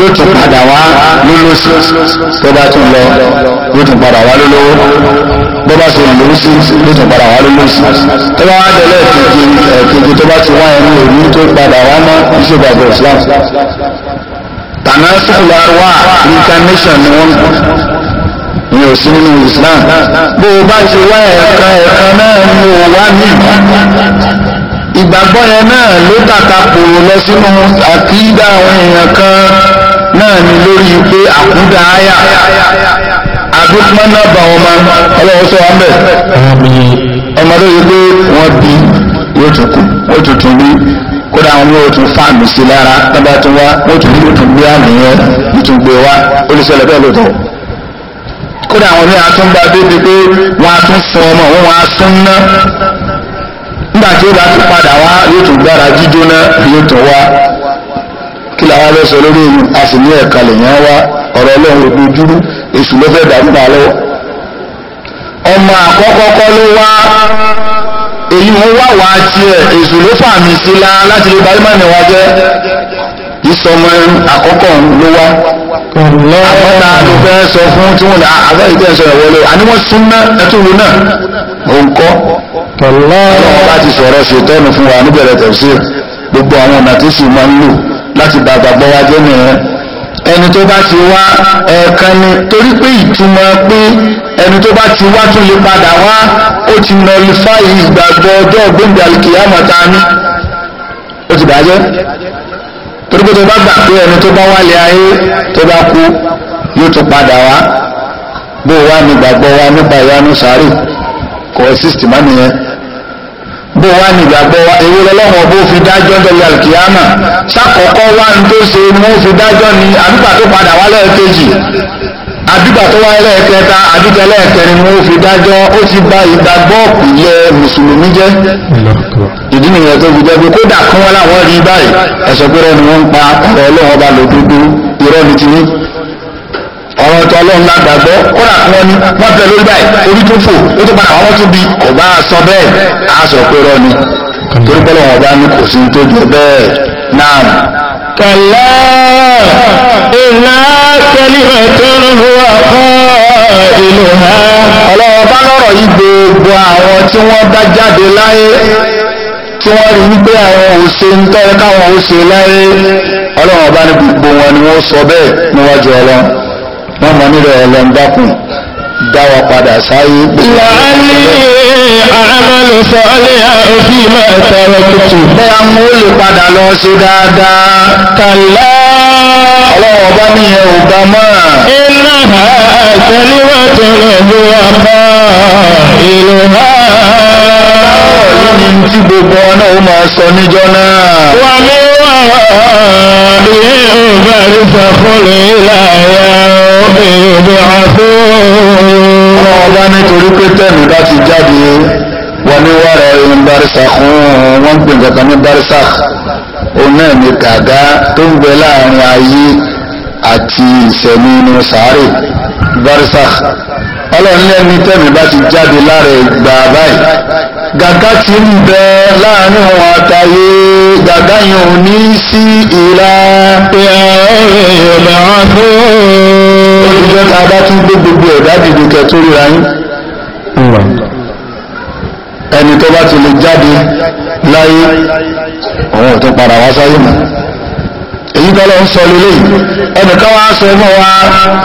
yóò tún padà wá lólóṣì tó bá tún lọ yóò tún padà wá lólówó bó bá ṣe ìlú sí yóò tún padà wá lólóṣì tó bá wá délé kejì ẹ̀kejì tó bá ti wá ẹni òní tó padà wá mọ́ ìṣègùn àgbẹ̀ Islam tànà sùkúlù àrùwá incarnation ni wọ́n ní òsì nínú Islam bó o bá ṣe wá ẹ̀ka ẹ̀ka náà ni ò wá mí ìgbàgbọ́ yẹn náà ló tàkà kòrò lọ sínú àkídà àwọn èèyàn kan náà ni lórí pé àkúdà áyà àdúgbọ́nà bá wọn máa ọlọ́wọ́ sọ wọn bẹ̀. ọmọ tó pé wọ́n bí yóò tún kú wọ́n tún tún bí kódà àwọn yóò tún fáàmì sí lára tábà tún wá wọ́n tún yóò tún gbé àmì yẹn yóò tún gbé wá olùsọ̀lẹ̀ bẹ́ẹ̀ kódà débi pé á tún fún ọmọ wọn á tún ná kí làwọn abẹ́ sọ lórí èyí a sì ní ẹ̀ka lèèyàn wá ọ̀rọ̀ ọlọ́run lójúrú èṣù ló fẹ́ dàrú máa lọ́wọ́ ọmọ àkọ́kọ́ kọ́ ló wá èyí wọn wá wá tiẹ̀ èṣù ló fà mí sí la láti lè báyìí mọ́ni wá jẹ́ ìsọmọ àkọ́kọ́ ló wá àmọ́ ta ló fẹ́ sọ fún tí wọ́n ní ah, àbẹ́ ìdí ẹ̀sọ́ ẹ̀wọ́ lé àní wọ́n súnmọ́ ẹtùrú náà òun kọ́ ọlọ́run bá ti sọ̀rọ̀ ṣètọ́nù fún wa níbẹ̀rẹ̀ tẹ̀síì gbogbo àwọn ọ̀nà tí sì máa ń lò láti bá gbàgbọ́ wa jẹ́ nìyẹn ẹni tó bá ti wá ẹ̀ẹ̀kan ni torí pé ìtumọ̀ pé ẹni tó bá ti wá tún lè padà wá ó ti nọlifá ìgbàgbọ́ ọjọ́ gbẹ̀ǹdà kìyàmọ̀ ta ni ó ti bàjẹ́ torí pé tó bá gbà pé ẹni tó bá wálé ayé tó bá kú yóò tún padà wá bó wá ní gbàgbọ́ wa nípa ìyanu sáré kò ẹ́ sísìtì má nìyẹn bó wá nígbàgbọ́ wa èyí lọ́lọ́wọ́ bó fi dájọ́ dọ̀lẹ́ àlùkìyámà sákọ̀ọ́kọ́ wá ní tó ṣe mú fi dájọ́ ni àbígbà tó padà wá lẹ́ẹ̀kejì àbígbà tó wá lẹ́ẹ̀kẹta àbígbà lẹ́ẹ̀kẹrin mú fi dájọ́ ó ti ba ìgbàgbọ́ ìpìlẹ̀ mùsùlùmí jẹ́ ìdí nìyẹn tó fi jẹ́ pé kódà kí wọ́n láwọn rí báyìí ẹ̀sọ́ pé rẹ́ni wọ́n ń pa ọ̀rọ̀ ọlọ́wọ́ bá lòdúdú irọ́ ni ti ní ọ̀rọ̀ ọ̀tọ̀ ọlọ́run lágbàgbọ́ kódà wọn ni wọ́n tẹ̀ lórí báyìí orí tó fò ó tó padà tún a sọ bẹ́ẹ̀ sọ pé rọ ni torí pé ọlọ́run ọba ní kò sí ní tó jọ náà. iná wà fún ìlú ọlọ́run lọ́rọ̀ yìí gbogbo wọ́n mọ̀ nílò ọlọ́ndàkùn dáwà padà sáyé pẹ̀lú àmàlù sọ́ọ́lẹ̀ òfin máa tọrọ tuntun. bẹ́ẹ̀ mú ó lè padà lọ sí dáadáa. kàlá ọlọ́wọ́ bá ní ẹ ò bá gbogbo ọ ó máa sọ níjọ́ náà. wà mí فارسخ إلى يوم يبعثون ọba nítorí pé tẹ́ẹ̀mì bá ti jáde wọn ní wàrà wọn gbé nǹkan kan ní barisakh òun náà ní kàgá tó ń bẹ láàrin ayé àti ìṣẹ̀mí inú sàárè barisakh ọlọ́run lẹ́ni tẹ́ẹ̀mì ti jáde lára ẹgbàá báyìí gàgá tí ń bẹ láàrin wọn àtàyè gàgá yẹn ò ní sí ìlà. ìyọ̀lẹ̀ àbọ̀. olùjọ́ ta bá tún gbé gbogbo ẹ̀dá dìde kẹ́tó ríra yín. ẹni tó bá ti lè jáde láyé òun ò padà wá sáyé mọ́ èyí tó lọ ń sọ lélẹ̀ ẹnìkan wá sọ fún wa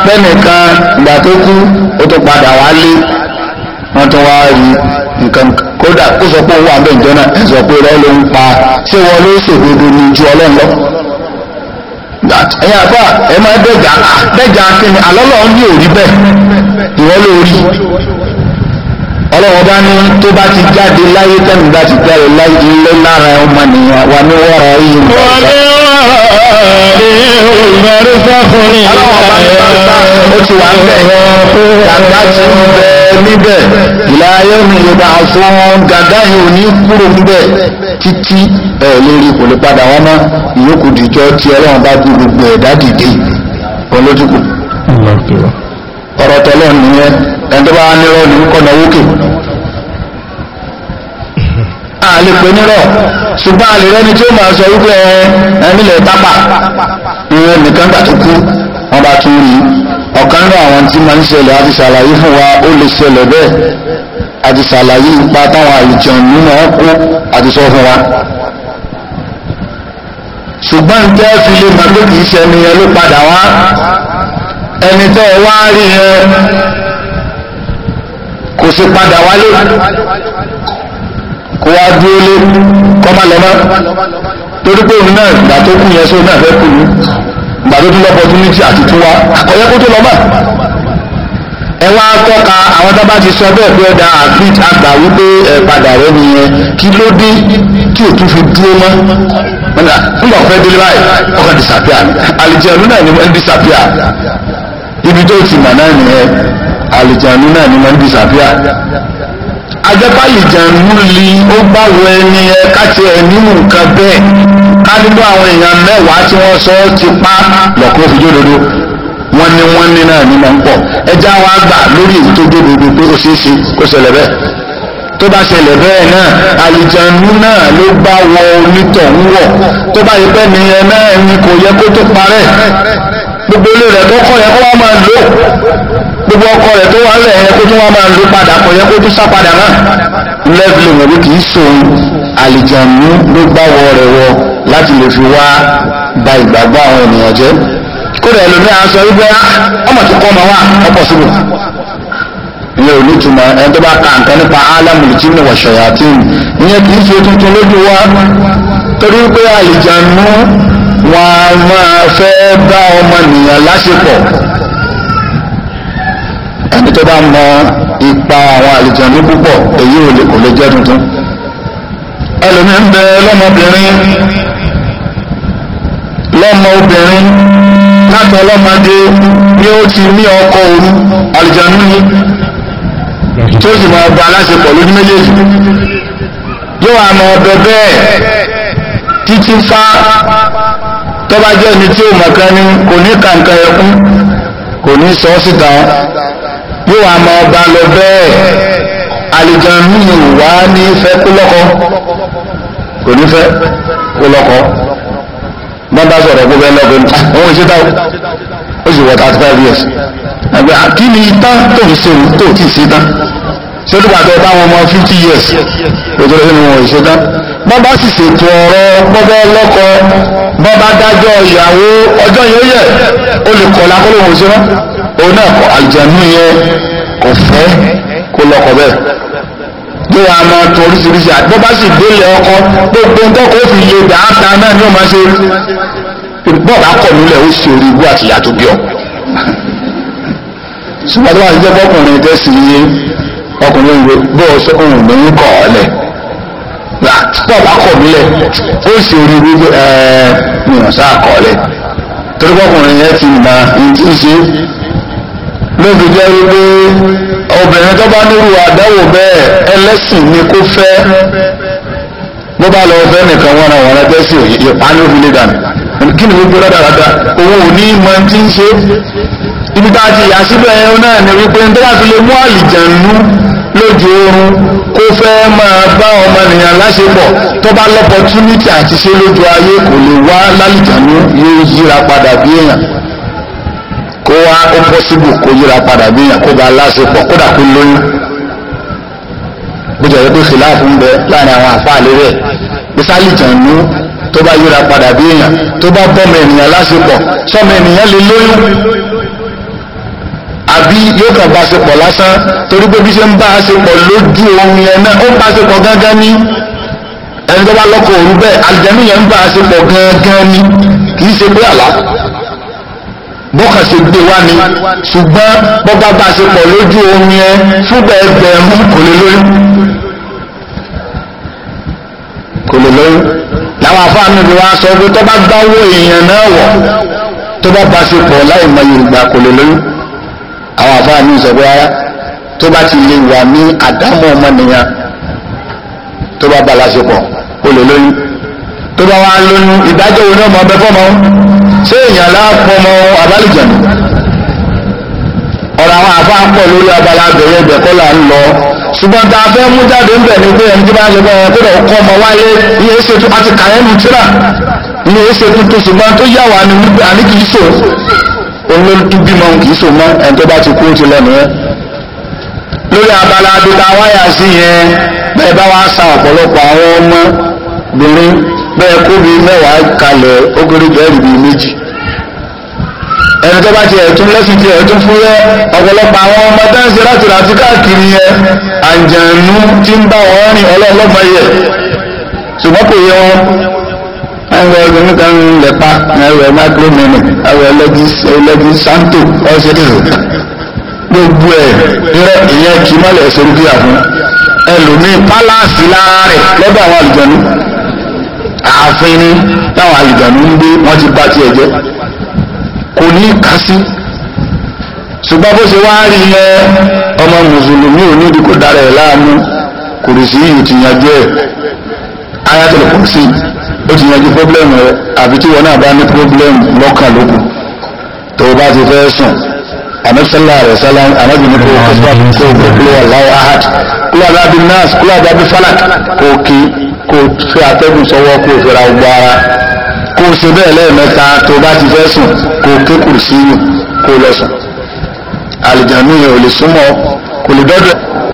pẹ́nìkan ìgbà tó kú ó tún padà wá lé. wọ́n tún wá rí nǹkan kódà kó sọ pé wà bẹ́ẹ̀ jọ́nà ẹ̀ sọ pé ló ń pa ṣé wọn ló ṣòdodo ní ju ọlọ́run lọ. ẹ̀yin àbá ẹ máa dẹ́jà dẹ́jà kíni àlọ́lọ́ ní òrí bẹ́ẹ̀ ló rí bá ní tó bá ti jáde láyé tẹ́mi bá ti jáde láyé ilé lára ọmọ nìyẹn wà ní wọ́rọ̀ yìí ń bọ̀ ọ́. ọlọ́wọ́ bá bá ń bá níbẹ̀ ìlàyé mi yorùbá fún gàdá yìí ò ní kúrò níbẹ̀ títí ẹ̀ lórí kò lè padà wọn mọ́ ìyókù dìjọ́ tí ọlọ́run bá gbé gbogbo ẹ̀dá dìde kan lójúkù. ọ̀rọ̀ tọ́lọ́ nìyẹn ẹni tó bá wá nírọ̀ ní kọ́ náà wókè. a lè pè nírọ̀ ṣùgbọ́n a lè rẹ́ni tí ó máa sọ wípé ẹ̀ ẹ̀ nílẹ̀ tápà ìwé nìkan gbà tó kú wọ́n bá tún rí ọ̀kan náà àwọn tí máa ń ṣẹlẹ̀ àti ṣàlàyé fún wa ó lè ṣẹlẹ̀ bẹ́ẹ̀ àti ṣàlàyé ipa táwọn àìjàn nínú ọkọ àti sọ fún wa ṣùgbọ́n tẹ́ fi lè mọ̀ pé kìí ṣẹni yẹn ló padà wá ẹni tẹ́ ẹ wá rí yẹn kò sí padà wálé kó wá dúró lé kọ́ má lọ́mọ́ torí pé òun náà ìgbà tó kù yẹn sóun náà fẹ́ kù ní gbàdó tó lọ́pọ̀tunítì àti tún wá àkọ́yẹ́ kó tó lọ bá ẹ wá tọ́ka àwọn tó ti sọ bẹ́ẹ̀ pé ọ̀dà àfíìt àgbà wípé ẹ padà rẹ nìyẹn kí ló dé tí ò tún fi dúró mọ́ nígbà fẹ́ délé báyìí ọkàn disapia àlìjẹ̀nu náà ni wọ́n disapia ibi tó ti mà náà nìyẹn àlìjẹ̀nu náà ni wọ́n disapia ajẹ́pàlì jàǹdù li ó báwo ẹni ẹ káti ẹ̀ nínú nǹkan bẹ́ẹ̀ ká nínú àwọn èèyàn mẹ́wàá tí wọ́n sọ ọ́ ti pa lọ́kọ́ fi jódodo wọ́n ní wọ́n ní náà ní máa ń pọ̀ ẹja wa gbà lórí èyí tó jódodo pé ó ṣeé ṣe kó ṣẹlẹ̀ bẹ́ẹ̀ tó bá ṣẹlẹ̀ bẹ́ẹ̀ náà àlìjànú náà ló bá wọ tó bá yẹ pé nìyẹn náà ni kò yẹ kó tó parẹ́ gbogbo ilé rẹ̀ tó kọ́ yẹ kó wá máa lò gbogbo ọkọ rẹ tó wà lẹ̀ yẹ kó tún wá máa lò padà kò yẹ kó tún sá padà náà lẹ́bìlì wọ̀nyí kì í sòun àlìjàmú ló wọ láti lè fi wá ba ìgbàgbọ́ àwọn ènìyàn jẹ́ kódà ẹlòmíràn sọ wípé ah, ọmọ tó wa síbò ní túmọ̀ ẹni tó bá ka nǹkan nípa tí wà ìyẹn kì a máa fẹ́ bá ẹni tó bá mọ ipa àwọn àlìjànnú púpọ̀ èyí ò lè kò lè jẹ́ tuntun ẹlòmí ń bẹ lọ́mọbìnrin lọ́mọ obìnrin láti ọlọ́mọdé ni ó ti ní ọkọ òru àlìjànnú ni tí ó sì máa gba aláṣepọ̀ lójú méjèèjì yóò wá mọ ọbẹ̀ bẹ́ẹ̀ títí fá tó bá tí ò mọ̀kan ni kò ní kàǹkà ẹkún kò ní sọ síta yóò wá máa bá lọ bẹ́ẹ̀ àlìjànnú wà ní fẹ́ kó lọ́kọ kò ní fẹ́ kó lọ́kọ wọ́n bá sọ̀rọ̀ gbogbo ẹ̀ lọ́kọ àwọn òṣìṣẹ́ táwọn ó sì wọ thirty five years àgbẹ̀ kí ni tán tó ń ṣe tó ti ṣe tán ṣé tó bàtọ̀ báwọn ọmọ fifty years òjò lórí wọn ò ṣe tán bọ́ bá sì ṣètò ọ̀rọ̀ gbọ́gbọ́ lọ́kọ bọ́ bá dájọ́ ìyàwó ọjọ́ yẹn ó yẹ ó lè kọ̀ lákòlò òṣèlú òun náà kọ àlùjànnú yẹn kò fẹ́ kó lọ́kọ bẹ́ẹ̀ bí wàá máa tọ oríṣiríṣi àti bá sì délé ọkọ gbogbo nǹkan kó fi lè dà á ta náà ni ó máa ṣe bọ́ọ̀bù akọ̀ nílẹ̀ ó ṣe orí ibú àti ìyá tó bí ọ. ṣùgbọ́n tó wà jẹ́ bọ́kùnrin tẹ́ sí iye ọkùnrin ìwé bọ́ọ̀ sọ ohun ní kọ̀ ọ́lẹ̀ bọ́ọ̀bù akọ̀ nílẹ̀ ó ṣe orí ibú ẹ̀ẹ́ sáà kọ̀ ọ́lẹ̀ torí bọ́kùnrin yẹn ti mọ ohun tí ló fi jẹ́ wípé obìnrin tó bá nírú àdáwò bẹ́ẹ̀ ẹlẹ́sìn ni kó fẹ́ bó bá lọ fẹ́ nìkan wọn àwọn ọ̀rẹ́ tẹ́sí ìpáni òfin lè dànù kí ni gbogbo rádaràda òun ò ní mọ tí ń ṣe ibi tá a ti yà síbẹ̀ ẹ̀rọ náà ni wípé ní tó bá fi lè mú àlìjànú lójú oorun kó fẹ́ máa bá ọmọnìyàn láṣepọ̀ tó bá lọ́pọ̀ túnítì àti ṣe lójú ayé kò lè wá lálìjànú yóò yíra padà bí èèyàn kó wá ó pọ́sibù kó yíra padà bíyàn kó bá láṣepọ̀ kódà kó lóyún bó jẹ́ pé kìláàfù ń bẹ láàrin àwọn àfáà lérè bísálì jàǹdú tó bá yíra padà bíyàn tó bá bọ́mọ ènìyàn láṣepọ̀ sọmọ ènìyàn lè lóyún àbí yóò kàn bá ṣepọ̀ lásán torí pé bí ṣe ń bá ṣepọ̀ lójú ohun yẹn náà ó bá ṣepọ̀ gángan ní ẹni tó bá lọ́kọ̀ òru bẹ́ẹ̀ àlùjànnú ń bá ṣepọ̀ gángan ní kì í ṣe pé àlá bọ́kàn ṣe gbé wá ni ṣùgbọ́n bọ́gbà bá ṣe pọ̀ lójú omi ẹ fúnbẹ̀ ẹgbẹ̀rún kò lè lóyún kò lè lóyún làwọn afáàmì bí wọ́n sọ pé tó bá gbá owó èèyàn náà wọ̀ tó bá bá ṣe pọ̀ láì mọ yorùbá kò lè lóyún àwọn afáàmì sọ pé rárá tó bá ti lè wà ní àdámọ́ ọmọnìyàn tó bá bá láṣepọ̀ kò lè tó bá wà lóyún ìdájọ́ wo ọmọ ọbẹ̀ fọ́mọ́ ṣé èèyàn láàpọ̀ mọ́ abálìjàn ọ̀rọ̀ àwọn àfa ń pọ̀ lórí abala bẹ̀rẹ̀ ibẹ̀ kọ́ là ń lọ ṣùgbọ́n tá a fẹ́ mú jáde ń bẹ̀ ni pé ẹni tí bá ń lọ bẹ́ẹ̀ kódà ọkọ ọmọ wáyé iye ṣe tó àti kàyẹ́nù tíra iye ṣe tuntun ṣùgbọ́n tó yà wá ni wípé àní kìí ṣò òun ló tún bímọ kìí ṣò mọ́ ẹni tó bá ti kú ti lẹ́nu yẹn lórí abala abita wáyà sí yẹn bẹ́ẹ̀ bá wá sa ọ̀pọ̀lọpọ̀ àwọn ọmọ bẹ́ẹ̀ kó bíi mẹ́wàá kalẹ̀ ó kéré jọ ẹ̀rì bíi méjì ẹni tó bá ti ẹ̀tún lẹ́sìn ti ẹ̀tún fúyẹ́ ọ̀pọ̀lọpọ̀ àwọn ọmọ tó ń ṣe láti ràtí káàkiri yẹn àǹjànú tí ń bá wọn rìn ọlọ́ọ̀lọ́gbọ̀n yẹ ṣùgbọ́n kò yẹ wọn ẹ̀rọ ẹgbẹ̀rún kan ń lẹ̀pa ẹ̀rọ micromini ẹ̀rọ ẹlẹ́gí santo ọ̀ṣẹ́dẹ̀rẹ̀ gbogbo ẹ̀ rẹ ìyẹn kì í mọ́lẹ̀ ẹ̀ṣẹ̀ rúkìá fún ẹlòmíì pálásì ààfin ni táwọn àlìjànú ń gbé wọ́n ti bá tiẹ̀ jẹ́ kò ní kásí ṣùgbọ́n bó ṣe wá rí yẹ ọmọ mùsùlùmí ò nídìí kò dára ẹ̀ láàmú kùrìsì yanjú ẹ̀ ayatollah ó ti yanjú pọ́blẹ́mù tí wọn náà bá ní o bá ti fẹ́ ahad nas falak ko kó fẹ́ atẹ́gùn sọ́wọ́ kó fẹ́ra gbogbo ara kó o ṣe bẹ́ẹ̀ lẹ́ẹ̀mẹ́ta tó bá ti fẹ́ sùn kó o ké kùrùsí yìí kó o lọ sùn àlìjànnú ò lè súnmọ́ kò lè dọ́dọ̀.